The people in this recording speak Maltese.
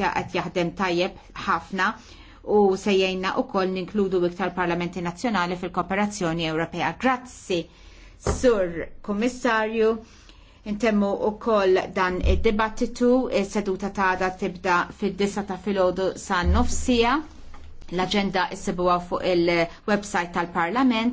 qed jaħdem tajjeb ħafna u sejjajna u koll ninkludu iktar parlamenti nazzjonali fil-kooperazzjoni Ewropea. Grazzi, Sur Kommissarju, intemmu u koll dan id-dibattitu, seduta ta' tibda fil-disa ta' filodu sa' nofsija l-agenda issibuwa fuq il-website tal-Parlament.